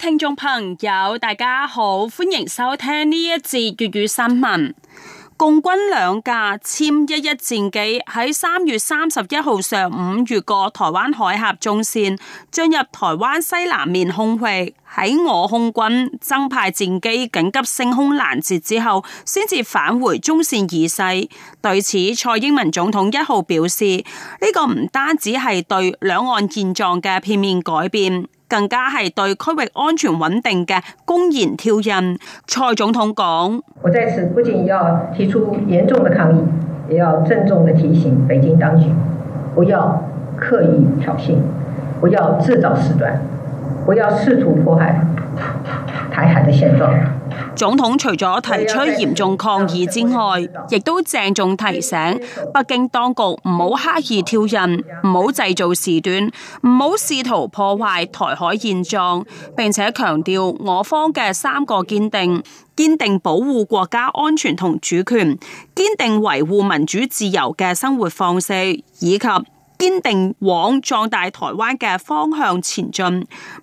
聽眾朋友，大家好，歡迎收聽呢一節粵語新聞。共軍兩架殲一一戰機喺三月三十一號上午越過台灣海峽中線，進入台灣西南面空域。喺我空軍增派戰機緊急升空攔截之後，先至返回中線以西。對此，蔡英文總統一號表示：呢個唔單止係對兩岸現狀嘅片面改變。更加係對區域安全穩定嘅公然挑釁。蔡總統講：我在此不僅要提出嚴重的抗議，也要鄭重的提醒北京當局，不要刻意挑釁，不要製造事端，不要試圖破壞台海的現狀。總統除咗提出嚴重抗議之外，亦都鄭重提醒北京當局唔好刻意挑釁，唔好製造事端，唔好試圖破壞台海現狀，並且強調我方嘅三個堅定：堅定保護國家安全同主權，堅定維護民主自由嘅生活方式，以及。堅定往壯大台灣嘅方向前進，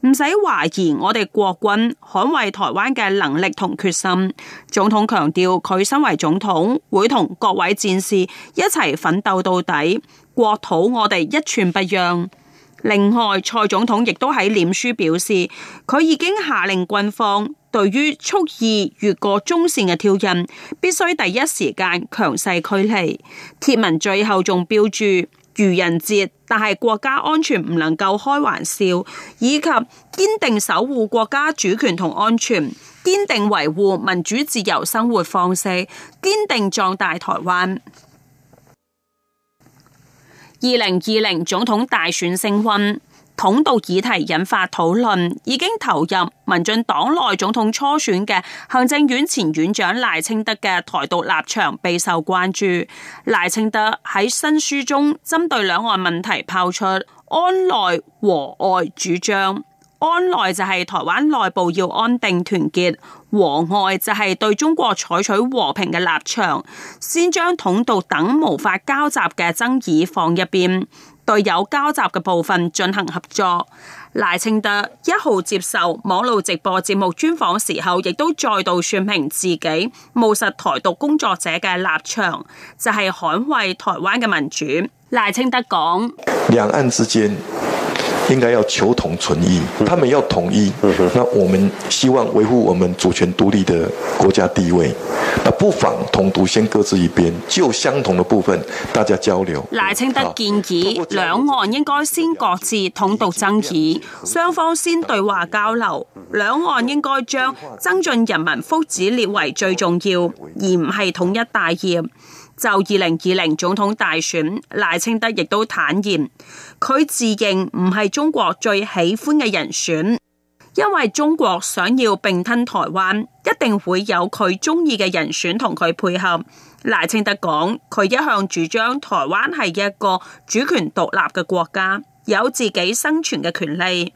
唔使懷疑我哋國軍捍衛台灣嘅能力同決心。總統強調，佢身為總統，會同各位戰士一齊奮鬥到底，國土我哋一寸不讓。另外，蔡總統亦都喺臉書表示，佢已經下令軍方對於蓄意越過中線嘅挑釁，必須第一時間強勢驅離。貼文最後仲標注，愚人節，但係國家安全唔能夠開玩笑，以及堅定守護國家主權同安全，堅定維護民主自由生活方式，堅定壯大台灣。二零二零總統大選升溫。統獨議題引發討論，已經投入民進黨內總統初選嘅行政院前院長賴清德嘅台獨立場備受關注。賴清德喺新書中針對兩岸問題拋出“安內和外”主張，安內就係台灣內部要安定團結，和外就係對中國採取和平嘅立場，先將統獨等無法交集嘅爭議放一邊。對有交集嘅部分進行合作。賴清德一號接受網路直播節目專訪時候，亦都再度説明自己務實台獨工作者嘅立場，就係捍衛台灣嘅民主。賴清德講：「兩岸之間，應該要求同存異，他們要統一，那我們希望維護我們主權獨立的國家地位，不妨統獨先各自一邊，就相同的部分大家交流。賴清德建議兩好岸應該先各自統獨爭議，雙方先對話交流，兩岸應該將增進人民福祉列為最重要，而唔係統一大業。就二零二零總統大選，賴清德亦都坦言，佢自認唔係中國最喜歡嘅人選，因為中國想要併吞台灣，一定會有佢中意嘅人選同佢配合。賴清德講，佢一向主張台灣係一個主權獨立嘅國家，有自己生存嘅權利。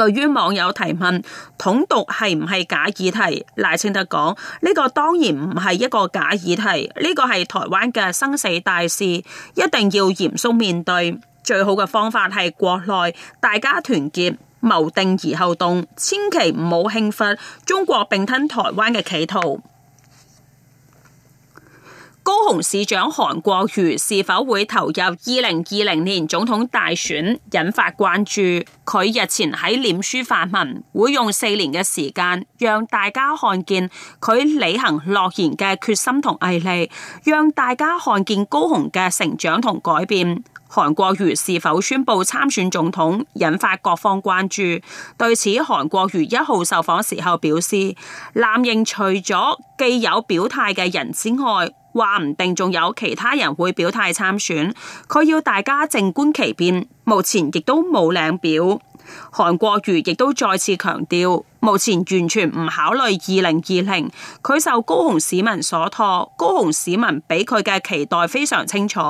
對於網友提問統獨係唔係假議題，賴清德講呢個當然唔係一個假議題，呢個係台灣嘅生死大事，一定要嚴肅面對。最好嘅方法係國內大家團結，謀定而後動，千祈唔好輕忽中國併吞台灣嘅企圖。市長韓國瑜是否會投入二零二零年總統大選，引發關注。佢日前喺臉書發文，會用四年嘅時間讓大家看見佢履行諾言嘅決心同毅力，讓大家看見高雄嘅成長同改變。韓國瑜是否宣布參選總統，引發各方關注。對此，韓國瑜一號受訪時候表示，藍營，除咗既有表態嘅人之外，話唔定仲有其他人會表態參選，佢要大家靜觀其變。目前亦都冇領表。韓國瑜亦都再次強調，目前完全唔考慮二零二零。佢受高雄市民所託，高雄市民俾佢嘅期待非常清楚，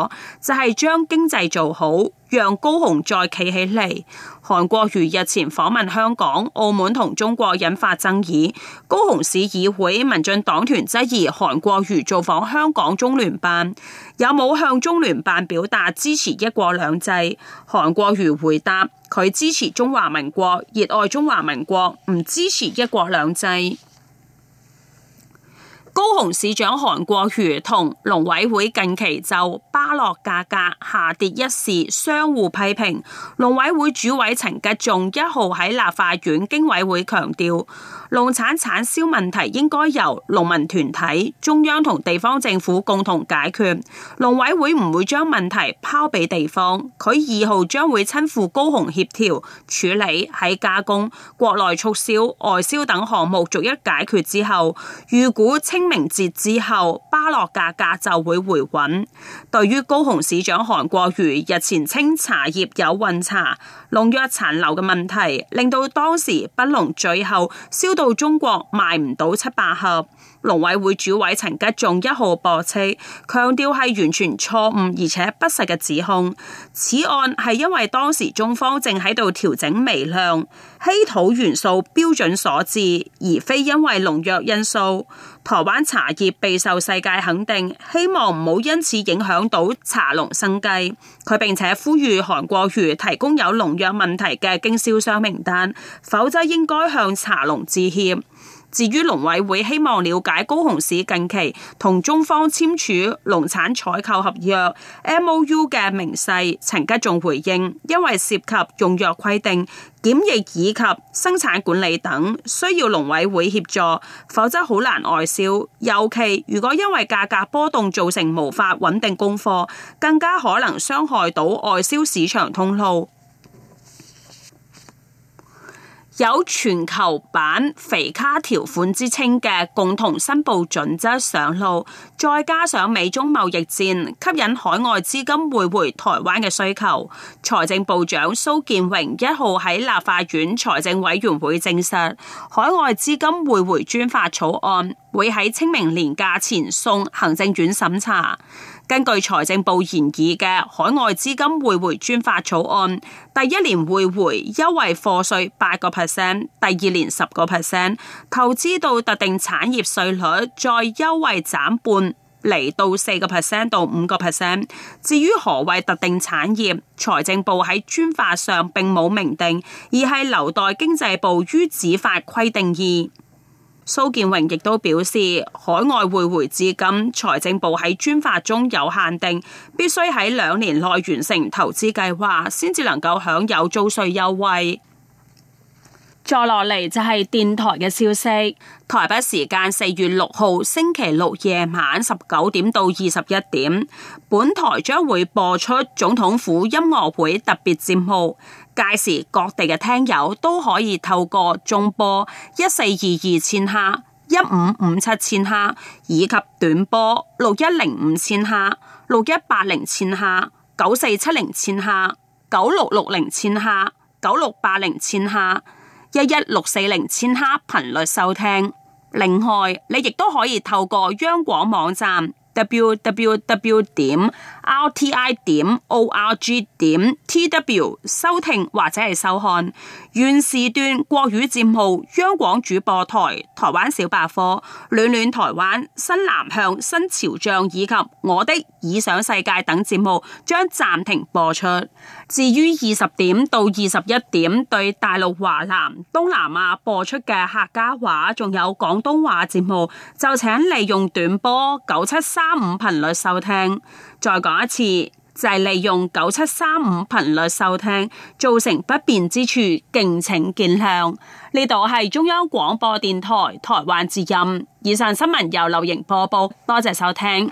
就係將經濟做好，讓高雄再企起嚟。韓國瑜日前訪問香港、澳門同中國引發爭議，高雄市議會民進黨團質疑韓國瑜造訪香港中聯辦有冇向中聯辦表達支持一國兩制？韓國瑜回答：佢支持中華民國，熱愛中華民國，唔支持一國兩制。高雄市長韓國瑜同農委會近期就芭樂價格下跌一事相互批評，農委會主委陳吉仲一號喺立法院經委會強調。.農產產銷問題應該由農民團體、中央同地方政府共同解決。農委會唔會將問題拋俾地方。佢二號將會親赴高雄協調處理，喺加工、國內促銷、外銷等項目逐一解決之後，預估清明節之後芭樂價格就會回穩。對於高雄市長韓國瑜日前稱茶葉有混茶、農藥殘留嘅問題，令到當時北農最後燒。到中國賣唔到七百盒。農委會主委陳吉仲一號駁斥，強調係完全錯誤，而且不實嘅指控。此案係因為當時中方正喺度調整微量稀土元素標準所致，而非因為農藥因素。台灣茶葉備受世界肯定，希望唔好因此影響到茶農生計。佢並且呼籲韓國瑜提供有農藥問題嘅經銷商名單，否則應該向茶農致歉。至於農委會希望了解高雄市近期同中方簽署農產採購合約 （MOU） 嘅明細，陳吉仲回應：因為涉及用藥規定、檢疫以及生產管理等，需要農委會協助，否則好難外銷。尤其如果因為價格波動造成無法穩定供貨，更加可能傷害到外銷市場通路。有全球版肥卡條款之稱嘅共同申報準則上路，再加上美中貿易戰吸引海外資金匯回,回台灣嘅需求，財政部長蘇建榮一號喺立法院財政委員會證實，海外資金匯回專法草案會喺清明年假前送行政院審查。根據財政部研議嘅海外資金匯回專法草案，第一年匯回優惠課稅八個 percent，第二年十個 percent，投資到特定產業稅率再優惠減半嚟到四個 percent 到五個 percent。至於何謂特定產業，財政部喺專法上並冇明定，而係留待經濟部於指法規定義。蘇建榮亦都表示，海外匯回資金，財政部喺專法中有限定，必須喺兩年內完成投資計劃，先至能夠享有租稅優惠。再落嚟就係電台嘅消息。台北時間四月六號星期六夜晚十九點到二十一點，本台將會播出總統府音樂會特別節目。屆時各地嘅聽友都可以透過中波一四二二千赫、一五五七千赫，以及短波六一零五千赫、六一八零千赫、九四七零千赫、九六六零千赫、九六八零千赫。一一六四零千赫頻率收聽，另外你亦都可以透過央廣網站。w w w 點 r t i 點 o r g 點 t w 收聽或者係收看《原時段國語節目》、央廣主播台、台灣小百科、暖暖台灣、新南向、新潮象以及我的理想世界等節目將暫停播出。至於二十點到二十一點對大陸、華南、東南亞播出嘅客家話仲有廣東話節目，就請利用短波九七三。三五頻率收聽，再講一次就係、是、利用九七三五頻率收聽，造成不便之處，敬請見諒。呢度係中央廣播電台台灣之音，以上新聞由劉瑩播報，多謝收聽。